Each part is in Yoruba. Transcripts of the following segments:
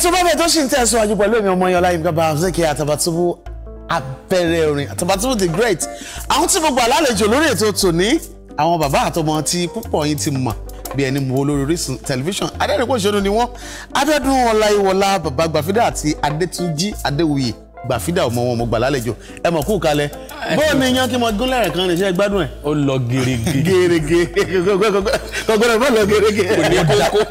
ètò bàbá tó ṣì ń tẹ̀síwájú pẹ̀lú èmi ọmọ yọlá yìí bàbá Ọ̀sẹ̀kẹ̀ Àtàbàtúbú abẹ́rẹ́ orin Àtàbàtúbú the great àwọn tí mo gbà lálejò lórí ètò tòní àwọn bàbá àtọmọ tí púpọ̀ yín ti mọ̀ bí ẹni mọ̀ olórí Orísun tẹlifíṣàn adẹ́rìnpọ̀ṣọ́nù ni wọ́n Abíọ́dún Ọláyíwọlá bàbá Gbàfídà àti Adétúnjí Adéwuyì gbàfídà ọmọ wọn mo gbà lálejò ẹ mọ̀ kú kalẹ̀ bóò ni yan kí mo gún lẹ́rìn kan níṣẹ́ gbádùn ẹ̀. ó lọ gerege. gerege kọkọrọ mọ lọ gerege. kò ní kókó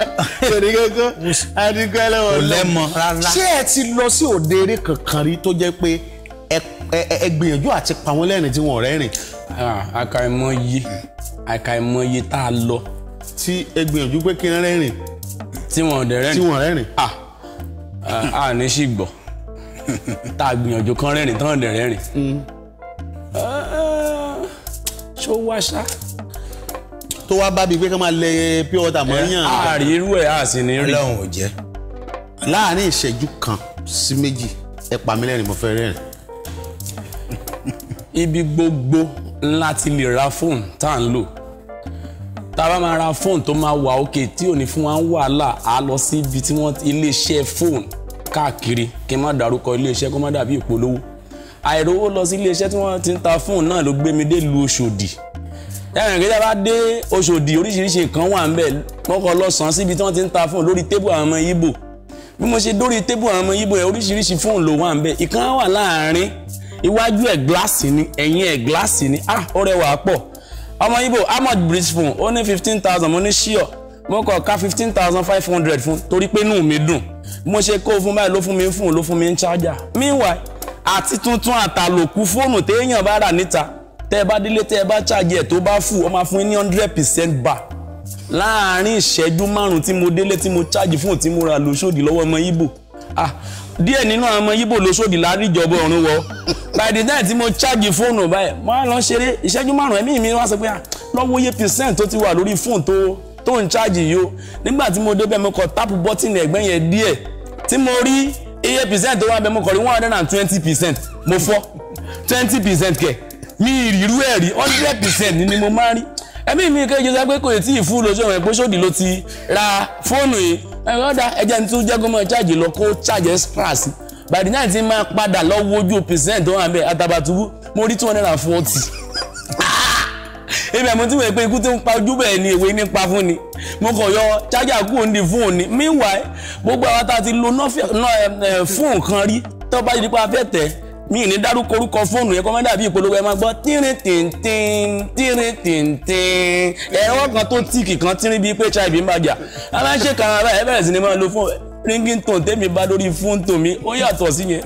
kò ní kókó adigun ẹlẹ́wọ̀n lọ. kò lẹ́mọ rárá. ṣé ẹ ti lọ sí òde eré kankan rí tó jẹ́ pé ẹ gbìyànjú àti pa wọ́n lẹ́rìn tí wọ́n rẹ́rìn. àkàìmọye àkàìmọye tá a lọ. tí ẹ gbìyànjú pé kí n rẹ́rìn. tí wọ́n dẹ̀ rẹ́rìn. tí wọ́n rẹ́rìn. à à ní sí gbọ́ tá a gbìyànjú kan rẹ́rìn tán dẹ̀ rẹ́rìn. Mm. Ah, ṣó wá ṣá. tó wá bá bíi pé ká máa lẹ pure water mọ́ eh, yàn. àárí irú ẹ̀ á sì ní rí. ọlọ́run ò jẹ́. láàárín ìṣẹ́jú kan sí méjì ẹ pa mí lẹ́rìn mo fẹ́ rẹ́rìn. ibi gbogbo ńlá ti lè ra fóònù tá à ń lò tá a bá máa ra fóònù tó máa wà òkè tí ò ní fún wa ń wàhálà á lọ sí ibi tí wọ́n ilé iṣẹ́ fóònù káàkiri kí n má dárúkọ iléeṣẹ́ kó má dàbí ìpolówó àìrówó lọ sí iléeṣẹ́ tí wọ́n ti ń ta fóònù náà ló gbé mi dé lu Òṣòdì ẹ̀rìn kí bá dé Òṣòdì oríṣiríṣi nǹkan wà ń bẹ̀ mọ́kọ lọ́sàn-án síbi tí wọ́n ti ń ta fóònù lórí tébù àwọn ọmọ Ìgbò bí mo ṣe dórí tébù àwọn ọmọ Ìgbò yẹn oríṣiríṣi fóònù ló wà ń bẹ̀ ìkan wà láàárín iwájú ẹ̀ gíláàsì ni ẹ̀yìn ẹ̀ gíláàsì ni ah ó rẹwà pọ̀ ọmọ Ìgbò amod bridge phone ó ní fifteen thousand mo ní ṣíọ̀ mo ká fifteen thousand five hundred fún torí pé inú mi dùn mo ṣe kó fún báyìí ló fún mi ń fún ló fún mi ń ṣáájà meanwhile àti tuntun àtàlòkù fóònù téèyàn bá rà níta tẹ́ ẹ bá délé tẹ́ ẹ bá ṣáàjì ẹ̀ tó bá fù ọ máa fún yín ní hundred percent back láàárín ìṣẹ́jú márùn-ún tí mo délé tí mo ṣáàjì fóònù tí mo ra lóṣòdì lọ́wọ́ ọmọ Ìgbò ah díẹ̀ nínú àwọn ọmọ Ìgbò lóṣòdì láríjọba ọ̀run wọ by the time tí mo ṣáàjì fóònù báyìí mo á lọ ṣeré ìṣẹ́jú márùn-ún ẹ̀mí mi wá sọ pé ah lọ́wọ́ iye percent tó ti wà lórí fóònù tó tó ń ṣáàjì yìí o nígbà tí mo débẹ̀ mo kọ tápù bọ́tìnì ẹ̀gbẹ́ yẹn díẹ̀ tí mo rí iye percent tó wà bẹ́ẹ̀ mo kọ rí one hundred and twenty percent mo fọ́ twenty percent kẹ̀ mi ìrírú ẹ̀ rí hundred percent ni mo máa rí ẹbí mi kejì sọ pé kò tí ì fún lóṣù ẹ̀wọ̀n pé sódì ló ra fóònù yìí ẹ̀rọ ọ̀dà ẹ̀jẹ̀ ní tún jẹ́gun mọ́ ṣáàjì lọ kó ṣáàjì extra sí ti máa padà percent tó wà bẹ́ẹ̀ mo rí two hundred and forty. èmi àmọ́ tí mo yẹ pé ikú tó ń pa ojú bẹ́ẹ̀ ni èwe pa fún ni mo kàn yọ chájà kúrò ní fóònù ni meanwhile gbogbo àwọn tá a ti lo fóònù kan rí tó bá yẹ nípa afẹ́ tẹ̀ mi ní dárúkọ orúkọ fóònù yẹn kọ́ mọ́ dàbí ìpolówó ẹ máa gbọ́ tírín tìǹtìǹ tírín tìǹtìǹ ẹ̀rọ kan tó tíìkì kan tírín bíi pé hiv ń bàjá aláṣẹ kan ara ẹ bẹ̀rẹ̀ sí ni máa lo fóònù ringington tẹ́mi bá lórí fóònù mi ó yàtọ̀ sí yẹn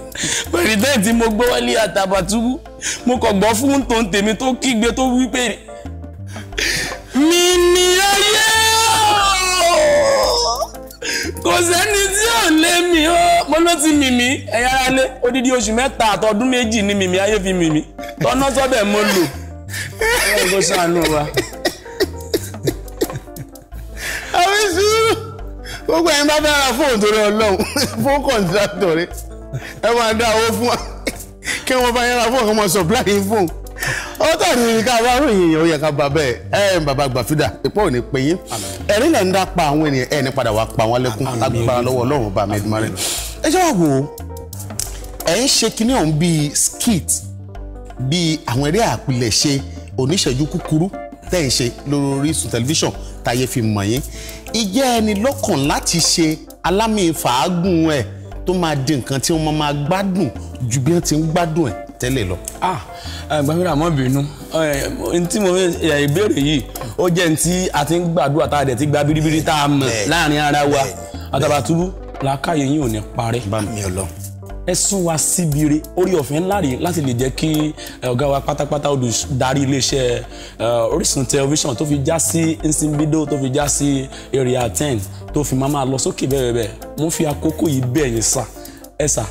pẹ̀lú tẹ́ǹtì mo gbọ́ wálé àtàbàtúbú mo kàn gbọ́ fóònù tèmi tó kígbe tó wí pé mi ni ayé o kò sẹ́ni tí ò lé mi o mo ló ti mìmí ẹ̀yà ara lé odidi oṣù mẹ́ta àtọdún méjì ni mìmí ayé fi mìmí tọ́nà sọ́bẹ̀ mo lò ẹ̀ kó sànù wa. àwọn èsì gbogbo ẹni bá fẹ́ ra fóònù torí ọlọ́run fóònù kọ̀ǹtàtọ̀ rẹ ẹ máa dá owó fún wa kí wọ́n bá yẹn ra fóònù kí wọ́n supply fóònù ó tàbí ká wá ròyìn èèyàn ó yẹ ká bá bẹ́ẹ̀ ẹ bàbá gbàfídà ipò ò ní pè yín ẹ̀rín lẹ̀ ń dá pa àwọn ènìyàn ẹ̀ ní padà wá pa wọ́n lẹ́kún lágbára lọ́wọ́ ọlọ́run bá mi dùn mọ́lẹ̀. ẹ jẹ́ wá wò ó ẹ̀ ń ṣe kinní ọ̀hún bíi skit bíi àwọn eré àpilẹ̀ṣe oníṣẹ́jú kúkúrú tẹ́ ń ṣe lórí Orísun tẹlifíṣàn táyé fi mọ̀ yín ìjẹ́ ẹni lọ́kàn láti ṣe alámì fàágùn ẹ̀ tó máa di nǹkan tí wọ́n máa gbádùn ju bí wọ́n ti ń gbádùn ẹ̀ tẹ́lẹ̀ lọ. ah gbàmíra mọ́ bínú ntí mo ìbéèrè yìí ó jẹ́ ntí a ti ń gbàdúrà tá a dẹ̀ ti gba biribiri tá a mọ̀ láàrin ara wa àtàbàtúbú làákàyè yín ò ní parẹ́. bá mi ọlọ. ẹ sún wa síbire orí ọ̀fẹ́ ńlá rèé láti lè jẹ́ kí ọ̀gá wa pátápátá olùdarí iléeṣẹ́ Orísun tẹlifíṣàn tó fi já sí nsimbido tó fi já sí area ten tó fi máa máa lọ sókè bẹ́ẹ̀ bẹ́ẹ̀ mo fi àkókò yìí bẹ́ẹ̀ yín sà ẹ sà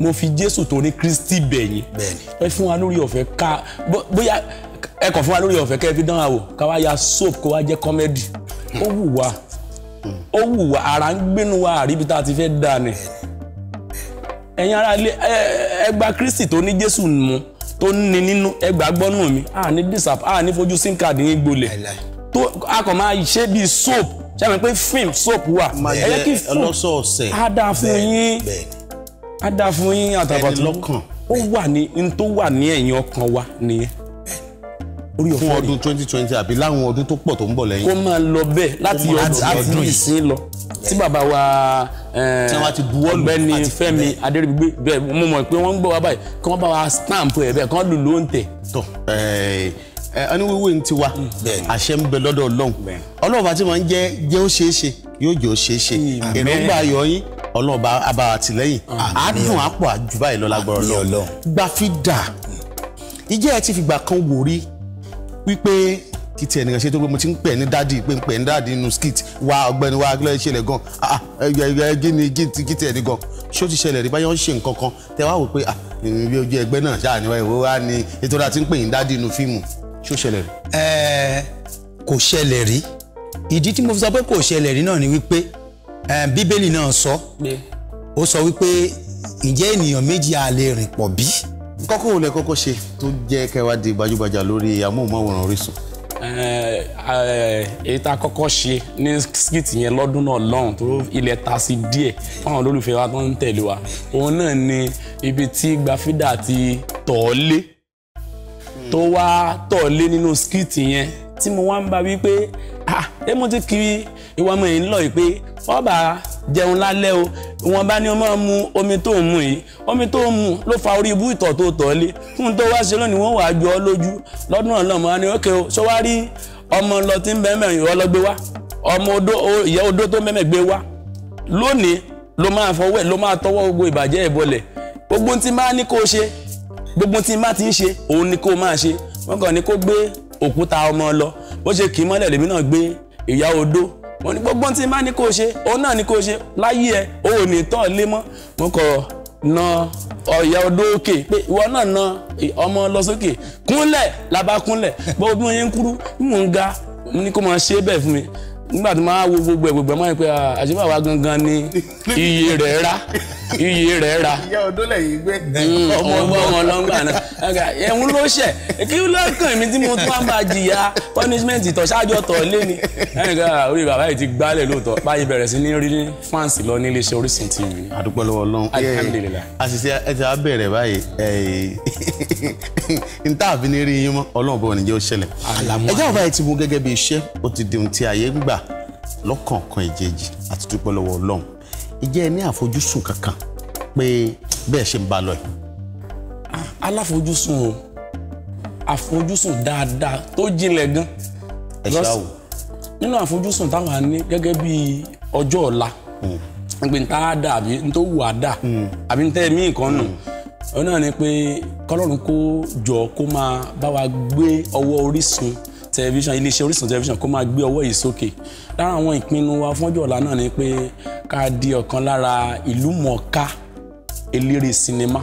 mo fi jésù tó ní kristi bẹ̀yìn ẹ fún wa lórí ọ̀fẹ́ ká bóyá ẹ kàn fún wa lórí ọ̀fẹ́ kẹ́ ẹ fi dán wa wò ká wá ya soap kó wá jẹ́ kọ́mẹ́dì ó wù wá ó wù wá ara ń gbénu wa àríbi tá a ti fẹ́ dà ni ẹ̀yin ará ilé ẹ gba kristi tó ní jésù mu tó ní nínú ẹ gbàgbọ́ nù mí à ní disap à ní fojú sim card yín gbolẹ̀ tó a kàn máa ṣe bíi soap ṣé àwọn pé film soap wà ẹ yẹ kí film á dáa fún yín á dá fún yín àtàbàtú lọ́kàn ó wà ní n tó wà ní ẹ̀yìn ọkàn wa nìyẹn orí ọ̀fẹ́ fún ọdún twenty twenty àbí láwọn ọdún tó pọ̀ tó ń bọ̀ lẹ́yìn. kó máa lọ bẹ́ẹ̀ láti ọdún ìsín lọ tí bàbá wa ọ̀gbẹ́ni Fẹ́mi Adéríbigbé bẹ́ẹ̀ mo mọ̀ pé wọ́n ń gbọ́ wa báyìí kí wọ́n bá wa stamp ẹ̀ bẹ́ẹ̀ kí wọ́n lù ló ń tẹ̀. tọ ẹ ẹni wíwé ń tiwa mm. àṣẹ ń bẹ lọ́dọ̀ Ọlọ́run Ọlọ́run bá ti máa ń jẹ́ jẹ́ ó ṣeé ṣe yóò jẹ́ ó ṣeé ṣe èròǹgbà ayọ̀ yín ọlọ́run bá a bá wa tì lẹ́yìn àádùn àpò àjù báyìí lọ lágbára ọlọ́run gbàfídà ìjẹ́ ẹ ti fìgbà kan wò rí wípé kí tiẹ̀ ṣe tó pé mo ti ń pè ní dádì pé ń pè ní dádì nínú skit wa ọ̀gbẹ́ni wa lọ́ọ́ ṣẹlẹ̀ gan ah, ah, kí ni kí tiẹ̀ ní gan ṣé ó ti ṣẹlẹ̀ rí báyọ̀ ń ṣe nǹkan kan tẹ wá wò pé ìrìn ah, ojú ẹgbẹ́ náà ṣáà ní wáyé wá ní ètò láti ń pè ní dádì nínú fíìmù ṣé ó ṣẹlẹ̀ rí. ẹ kò ṣẹlẹ̀ rí ìdí tí mo fi sọ pé kò ṣẹlẹ̀ rí náà ni wípé Eh, bíbélì náà sọ ó sọ wípé ǹjẹ́ ènìyàn méjì a lè rìn pọ̀ bí. kọ́kọ́ wo lẹ kọ́kọ́ ṣe tó jẹ́ kẹwàá di gbajúgbajà lórí amóhùnmáwòrán Orísun. Eh, eh, èyí tá a kọ́kọ́ ṣe ní skit yẹn lọ́dún náà lọ́hùn tó ilẹ̀ ta sí díẹ̀ fáwọn olólùfẹ́ wa tó ń tẹ̀lé wa òun náà ni ibi tí gbafídà ti tọ̀ lé tó wá tọ̀ lé nínú skit yẹn tí mo wá ń ba wípé ah ẹ mo ti kiri ìwà ọmọ yìí ń lọ yìí pé ọba jẹun lálẹ́ o ìwọ̀n bá ní o máa mu omi tó ń mu yìí omi tó ń mu ló fa orí ibú ìtọ̀ tó tọ̀ lé fún tó wá ṣe lónìí wọ́n wàá jọ ọ lójú lọ́dún náà lọ́mọ wa ni ókè o ṣé wàá rí ọmọ lọ tí ń bẹ́ẹ̀ mẹ́rin ìwọ lọ gbé wá ọmọ odó ìyá odó tó mẹ́mẹ́ gbé wá lónìí ló máa fọwọ́ ẹ̀ ló máa tọwọ́ gbogbo ìbàjẹ́ ìbọlẹ̀ gbogbo tí máa ní kó ṣe gbogbo tí máa ti ń ṣe òun ni kó máa ṣe wọ́n kàn ní kó gbé òkúta ọmọ lọ bó ṣe kì í mọ́lẹ̀ lèmi náà gbé ìyá odó wọn ni gbogbo tí n bá ní kó ṣe òun náà ní kó ṣe láyé ẹ òun ò ní tán lé mọ́ mo kọ̀ na ọ̀yà odó òkè pé ìwọ náà na ọmọ lọ sókè kúnlẹ̀ la bá kúnlẹ̀ bó bí wọ́n yẹn ń kúrú mò ń ga mo ní kó máa ṣe bẹ́ẹ̀ fún mi nígbà tí máa wo gbogbo ẹ̀ gbogbo ẹ̀ máa ń pẹ́ àṣìbáwá gangan ni iye rẹ̀ rá iye rẹ̀ ra. ìyá odó lẹ́yìn gbé. Hmm, hmm, ọmọ ọgbọ́n wọn lọ́ngbà náà ẹ̀hún ló ṣẹ̀ kí ló kàn mí tí mo tún wá máa jìyà punishment ìtọ̀ ṣáájú ọ̀tọ̀ lé ni. ẹnìkan orí bàbá yìí ti gbálẹ̀ lóòótọ́ báyìí bẹ̀rẹ̀ sí ní rí fáǹsì lọ ní iléeṣẹ́ Orísun TV. àdúpẹ́ lọ́wọ́ Ọlọ́run àṣìṣe ẹ ti á bẹ̀rẹ̀ báyìí n tá àfi ní rí yín mọ́ Ọlọ́run bọ̀ níjẹ́ ó ṣẹlẹ̀. ẹjẹ́ bàbá yìí ti mú gẹ́gẹ́ bí iṣẹ́ ó ti di ohun tí ayé ń gbà lọ́kọ̀ọ̀kan ìjejì àti dúpẹ́ lọ́wọ́ Ọlọ́run ìjẹ́ ẹ ní àfojúsùn kankan pé bẹ́ẹ̀ ṣe ń ba lọ yìí. aláfojúsùn o àfojúsùn dáadáa tó jinlẹ̀ gan. ẹ ṣá o. nínú àfojúsùn táwọn á ní gẹ́gẹ́ bí ọjọ́ ọ̀la hmm. n tá a dà àbí tó wù á dà hmm. àbí tẹ́ mí nǹkan nù ọ hmm. náà ni pé kọ́lọ́run kó jọ kó máa bá wa gbé ọwọ́ tẹlifíṣàn iléeṣẹ́ Orísun tẹlifíṣàn kó máa gbé ọwọ́ yìí sókè lára àwọn ìpinnu wa fọ́jọ́ ọ̀la náà ni pé ká di ọ̀kan lára ìlú mọ̀ọ́ká eléré sinimá.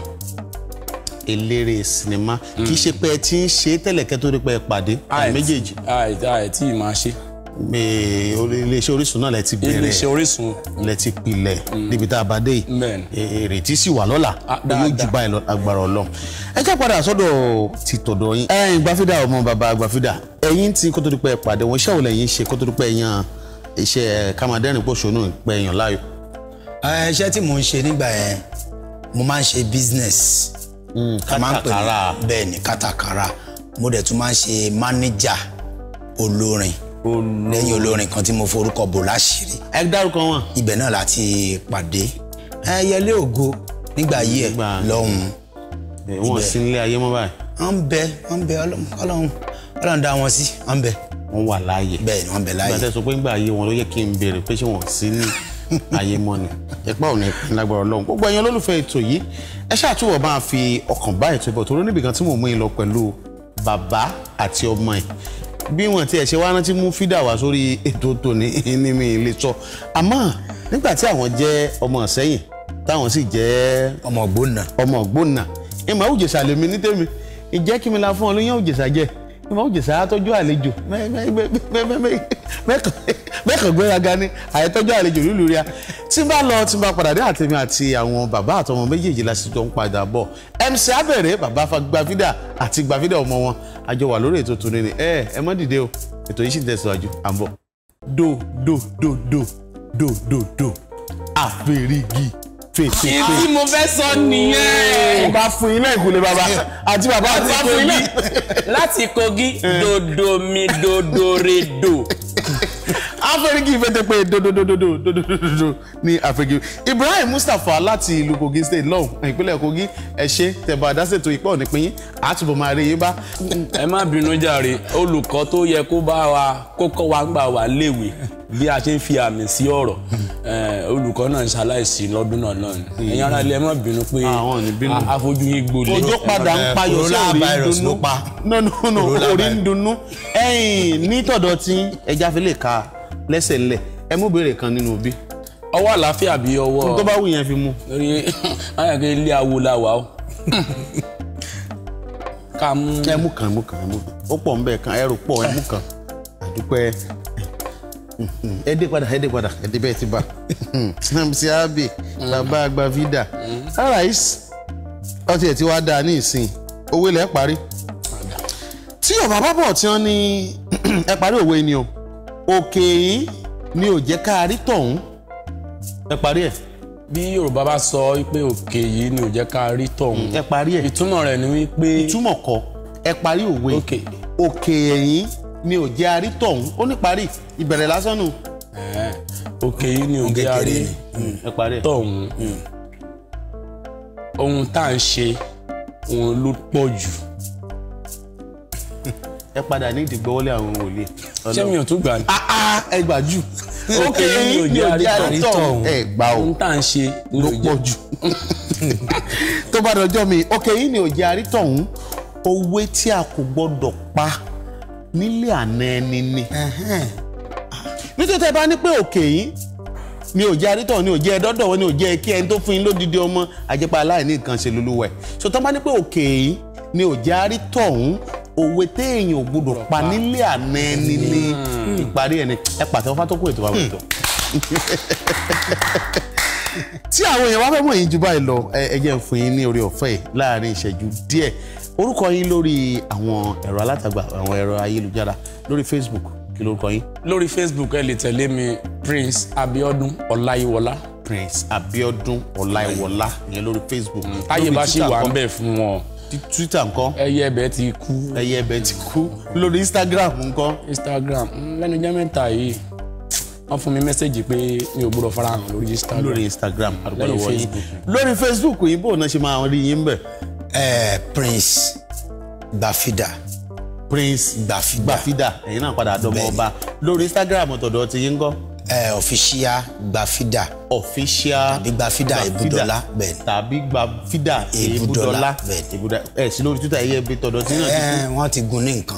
eléré sinimá kì í hmm. ṣe pé ẹ ti ń ṣe tẹ́lẹ̀kẹ́ tó rí pé ẹ pàdé ẹ méjèèjì. àì àì tí ì máa ṣe iléeṣẹ́ Orísun náà lẹ ti bẹ̀rẹ̀ iléeṣẹ́ Orísun lẹ ti pilẹ̀ mm. níbi tá a bá dé ìrètí e, e, sì wà lọ́la yóò ju báyìí lọ agbára Ọlọ́run ẹ jẹ́ padà sọ́dọ̀ ti tọ̀dọ̀ yín ẹ̀yin Gbàfídà ọmọ bàbá Gbàfídà ẹ̀yin tí kó tó di pé ẹ pàdé wọn iṣẹ́ wo lẹ́yìn ṣe kó tó di pé ẹ yan iṣẹ́ kàmádẹ́rìn-pọ̀ṣónú pé ẹ yàn láàyò. iṣẹ́ tí mò ń ṣe nígbà yẹn mo máa ń ṣe business mm, kátàkárà bẹ́ẹ̀ ni kátàkárà mo dẹ̀ tún máa ń ṣe manager olórin lẹ́yìn olórin kan tí mo forúkọ bò láṣìírí. ẹ dárúkọ wọn. ibẹ̀ náà láti pàdé ẹyẹlé ògo nígbà yí ẹ lọ́hùn. wọn sì nílé ayé mọ́ báyìí. wọ́n ń bẹ wọ́n ń bẹ ọlọ́run ọlọ́run dá wọn sí wọ́n ń bẹ. wọ́n wà láàyè. bẹ́ẹ̀ ni wọ́n bẹ láàyè. ìgbà tẹ̀sán pé ńgbà ayé wọn ló yẹ kí n béèrè pé ṣé wọ́n sí ní ayé mọ́ ni ẹ̀pá ò ní lágbára ọlọ́run gbogbo ẹ̀yin olólùfẹ́ ètò yìí ẹ ṣáà máa fi ọkàn bá ètò ìbọ̀ tó lónìí bí wọn tiẹ̀ ṣe wá rántí mú fídà wá sórí ètò tòní ní mi lè sọ àmọ́ nígbà tí àwọn jẹ́ ọmọ Ìsẹ́yìn táwọn sì jẹ́ ọmọ Ògbónà ọmọ Ògbónà ìmọ̀ Òjèṣà lèmi ní tèmi ìjẹ́ kí mi la fún ọ lóyún Òjèṣà jẹ́ ìmọ̀ Òjèṣà àtọ́jú àlejò mẹ́kàn gbéraga ní àyẹ̀tọ́jú àlejò nílùú ríà tí n bá lọ tí n bá padà dé àtẹ̀mí àti àwọn bàbá àtọmọ méjèèjì la sì jọ ń padà bọ̀ MC abẹ̀rẹ̀ bàbá gba fídà àti gba fídà ọmọ wọn àjọ wà lórí ètò tòní ni ẹ ẹ mọ́ dìde o ètò yìí sì tẹ̀síwájú à ń bọ̀. do do do do do do do àfẹ̀rígi fèsì fèsì. èyí tí mo fẹ́ sọ nìyẹn. mo bá fún iná ìkúlẹ̀ bàbá àti bàbá àti kogi. láti kogi dodo mi dodo re do. afẹ́ríkì fẹ́tẹ́ pé dodododododododo ní afẹ́ríkì Ibrahim Mustapha láti ìlú Kogi state lọ́hùn ìpínlẹ̀ Kogi ẹ ṣé tẹ̀bà àdásètò ìpọ̀ nípìn yín àtúbọ̀ máa rí yín bá. ẹ má bínú jàre olùkọ́ tó yẹ kó bá wa kó kọ́ wa gbà wá léwe bí a ṣe ń fi àmì sí ọ̀rọ̀ olùkọ́ náà ṣaláìsí lọ́dún náà náà ni ẹ̀yin ara ilé ẹ má bínú pé àfojú ah, yín gbolé. ojú padà ń payọ̀ sí orí ń dunnú orí ń dunnú ẹ̀yìn nítọ̀dọ̀ tí ẹja fi lè ka lẹ́sẹ̀ ńlẹ̀ ẹ mú béèrè kan nínú òbí. ọwọ́ àlàáfíà bíi ọwọ́. n tó bá wù yẹn fi mú. lórí báyọ̀ kí ilé awo la wà o. ká mú. ẹ mú kan ẹ mú kan ẹ mú kan ó pọ̀ nbẹ kan ẹrù pọ̀ ẹ mú kan àdúpẹ́ ẹ dé padà ẹ dé padà ẹ dé bẹ́ẹ̀ ti bá samsi abe bàbá àgbà vida alright ọtí ẹ ti wá dáa ní ìsìn owó ilẹ̀ parí tí ọ̀bà bá bọ̀ tí wọ́n ní ẹ parí òwe ni o òkè yìí ni ò jẹ́ ká rí tọ̀hún ẹ parí ẹ̀. bí yorùbá bá sọ pé òkè yìí ni ò jẹ́ ká rí tọ̀hún ẹ parí ẹ̀ ìtumọ̀ rẹ̀ ni wípé. ìtumọ̀ kọ́ ẹ parí òwe òkè yìí ni ò jẹ́ arí tọ̀hún ó ní parí ìbẹ̀rẹ̀ lásán nù. òkè yìí ni ò jẹ́ arí tọ̀hún hmm. ohun tá à ń ṣe òun ló pọ̀ jù ẹ padà ní ìdìgbọ́wọ́lé àwọn wòlíì. ṣé mi ò tún gbà ní. Ah, ah, ẹ gbà jù. ok mi ò jẹ́ àrítọ̀ ẹ gbà o. n tà ń ṣe ló pọ̀ jù. tó bá dọjọ́ mi ok yìí ni ò jẹ́ àrítọ̀ ọ̀hún owó tí a kò gbọ́dọ̀ pa nílé àná ẹni ni. nítorí tẹ́ bá ní pé òkè yìí ni ò jẹ́ arítọ̀ ni ò jẹ́ ẹdọ́dọ̀ ni ò jẹ́ kí ẹni tó fún yín lódìdí ọmọ àjẹpá aláìní nǹkan ṣe lulú wẹ̀ so bá ní pé òkè yìí ni ò jẹ́ arítọ̀ ọ̀hún òwe téèyàn ò gbọdọ̀ pa nílé àná ẹni ní hmm. ìparí ẹni ẹ pàtẹ ọfà tó kó ètò àwọn hmm. ètò. tí àwọn èèyàn wá fẹ́ mọ̀ yín ju báyìí lọ ẹ jẹ́ fún yín ní orí ọ̀fẹ́ yìí láàrin ìṣẹ́jú díẹ̀ orúkọ yín lórí àwọn ẹ̀rọ alátagbà àwọn ẹ̀rọ ayélujára lórí Facebook kí lórúkọ yín. lórí Facebook ẹ lè tẹ̀lé mi Prince Abiodun Ọláyíwọlá Prince Abiodun Ọláyíwọlá ìyẹn lórí Facebook. Hmm, táyé bá ṣì wà ń bẹ̀ fún wọn twitter ńkọ́. ẹyẹ ẹbẹ ti kú. ẹyẹ ẹbẹ ti kú lórí instagram ńkọ́. instagram mm, lẹ́nu jẹ́ mẹ́ta yìí wọ́n fún mi mẹ́sẹ̀gì pé mi ò gbọ́dọ̀ farahàn lórí instagram. lórí instagram lórí facebook. lórí facebook yìí bó náà ṣe máa rí yín bẹ̀. ẹ prince gbafida. prince gbafida gbafida ẹ̀yin náà padà dọ́mọ ọba lórí instagram ọ̀tọ̀dọ̀ ti yín ńkọ́ ẹ ọfíṣíà gbàfídà. ọfíṣíà gbàfídà ìbúdọlá bẹ́ẹ̀ ni. tàbí gbàfídà ìbúdọlá bẹ́ẹ̀ ni. ìbúdọlá ẹ sí lórí twitter yẹ bí tọdọ tí náà ti kú. ẹ wọn ti gun ní nǹkan.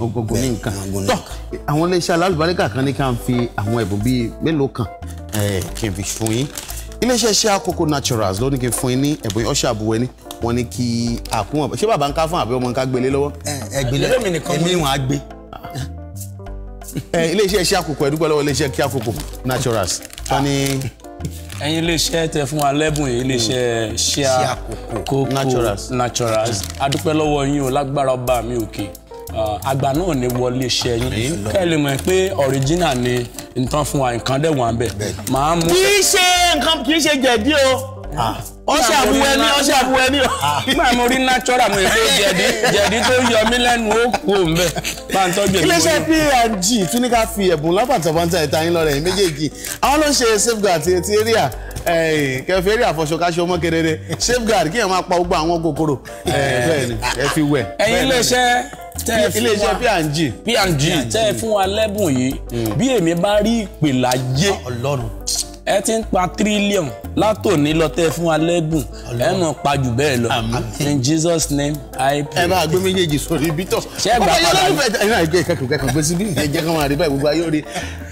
ogun ní nǹkan tọ àwọn iléeṣẹ́ alálùbáríkà kan ní ká ń fi àwọn ẹ̀bùn bíi mélòó kan kí n fi fún yín iléeṣẹ́ iṣẹ́ àkókò naturals ló ní kí n fún yín ní ẹ̀bùn ọ̀ṣà àbúwẹ́ ní wọ́n ní kí àkúnwọ̀n ṣé bàbá ń ká fún àbí ọmọ ń ká gbélé lọ́wọ́. ẹ gbélé èmi wọn á gbé iléeṣẹ́ iṣẹ́ àkókò ẹ̀dúgbọ́ lọ́wọ́ iléeṣẹ́ kí àkókò naturals wọ́n ní. ẹ̀yin iléeṣẹ́ tẹ fún wa lẹ́bùn yìí iléeṣẹ́ iṣẹ́ àkókò naturals adúpẹ́ lọ́wọ́ yín o lágbára ọba mi òkè àgbà náà ní wọlé iṣẹ́ yín kẹ́ ẹ lè mọ̀ pé original ni nǹkan fún wa nǹkan dẹ̀ wọ́n bẹ̀ máa mú. kì í ṣe nǹkan kì í ṣe jẹ̀dí o ọṣẹ àbúwẹ ní ọṣẹ àbúwẹ ní ọ. nígbà mo rí natural mo èso jẹ̀dí jẹ̀dí tó yọ mí lẹ́nu ó kú òun bẹ́ẹ̀ bá ń tọ́jú èmi. iléeṣẹ́ png tún ní ká fi ẹ̀bùn lápàtàpàtà ìta yín lọ́rẹ̀ yín méjèèjì àwọn ló ń ṣe safeguard ti etí area kẹfì area fọṣọ káṣọ ọmọ kedere safeguard kí ẹ máa pa gbogbo àwọn kòkòrò bẹ́ẹ̀ ni ẹ fi wẹ̀. ẹ̀yin iléeṣẹ́ iléeṣẹ́ png png tẹ́ ẹ fún wa lẹ́bùn yìí mm. bí èmi bá rí ìpè láyé ah, ọlọ́run ẹ ti ń pa tírílíọ̀n látòní lọ tẹ́ fún alẹ́gùn ẹ mọ̀ pa jù bẹ́ẹ̀ lọ in Jesus name I pray. ẹ máa gbé méjèèjì sórí ibi tọ̀ ọmọ yẹn lọ́dún ẹ náà gbé ìkẹ́kọ̀ọ́ kẹ́kọ̀ọ́ gbé síbí ẹ jẹ́ kí wọ́n rí báyìí gbogbo ayé rí.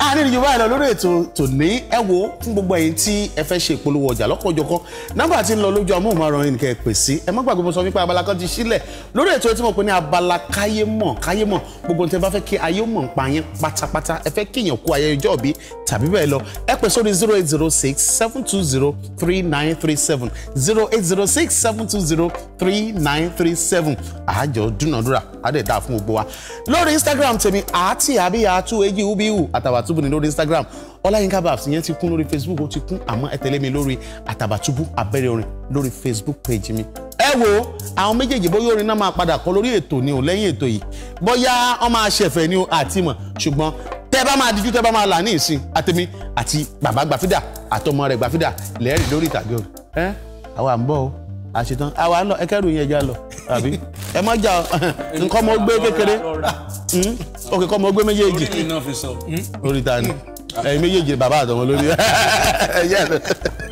àárín yorùbá ẹ̀ lọ lórí ètò tòní ẹ wo fún gbogbo ẹ̀yin tí ẹ fẹ́ ṣe ìpolówó ọjà lọ́kọ̀ọ́jọ̀kan nọ́mbà tí ń lọ lójú amóhùnmáwòrán nìkẹ́ ẹ pè sí ẹ má gbàgbé mo sọ nípa abala kan ti sílẹ̀ lórí ètò tí mo pè ní abala káyémọ̀ káyémọ̀ gbogbo tẹ bá fẹ́ kí ayé mọ̀ ń pa yín pátápátá ẹ fẹ́ kíyàn kú ayẹyẹ ọjọ́ òbí tàbí bẹ́ẹ̀ lọ ẹ 0806 720 3937 0806 720 3937 àjọ dúnàdúrà àdẹ̀dá fún gbogbo wa lórí Instagram tèmi àti àbíyá tú eji ubiu àtàbàtúbù ni lórí Instagram ọláyínká babs yẹn ti kún lórí Facebook ó ti kún àmọ́ ẹ tẹ̀lé mi lórí àtàbàtúbù abẹ́rẹ́ orin lórí Facebook page mi ẹ wo àwọn méjèèjì bóyá orin náà máa padà kọ lórí ètò ni ò lẹ́yìn ètò yìí bóyá wọ́n máa ṣẹ̀fẹ̀ ni ó àti mọ̀ ṣùgbọ́n tẹ́ bá máa dijú tẹ́ bá máa là ní ìsìn àtẹ̀mí àti bàbá gbàfídà àtọmọ rẹ̀ gbàfídà lẹ́rìí lórí ìtàgé òru ẹ àwa ń bọ̀ o àṣetán àwa lọ ẹ kẹ́rù yẹn já lọ àbí ẹ mọ́ jà nǹkan mọ́ gbé kékeré òkè kọ́ mọ́ gbé méjèèjì hmm? orí ta ni ẹ̀yin méjèèjì bàbá àtọmọ lórí ẹ̀ yẹ́ lọ.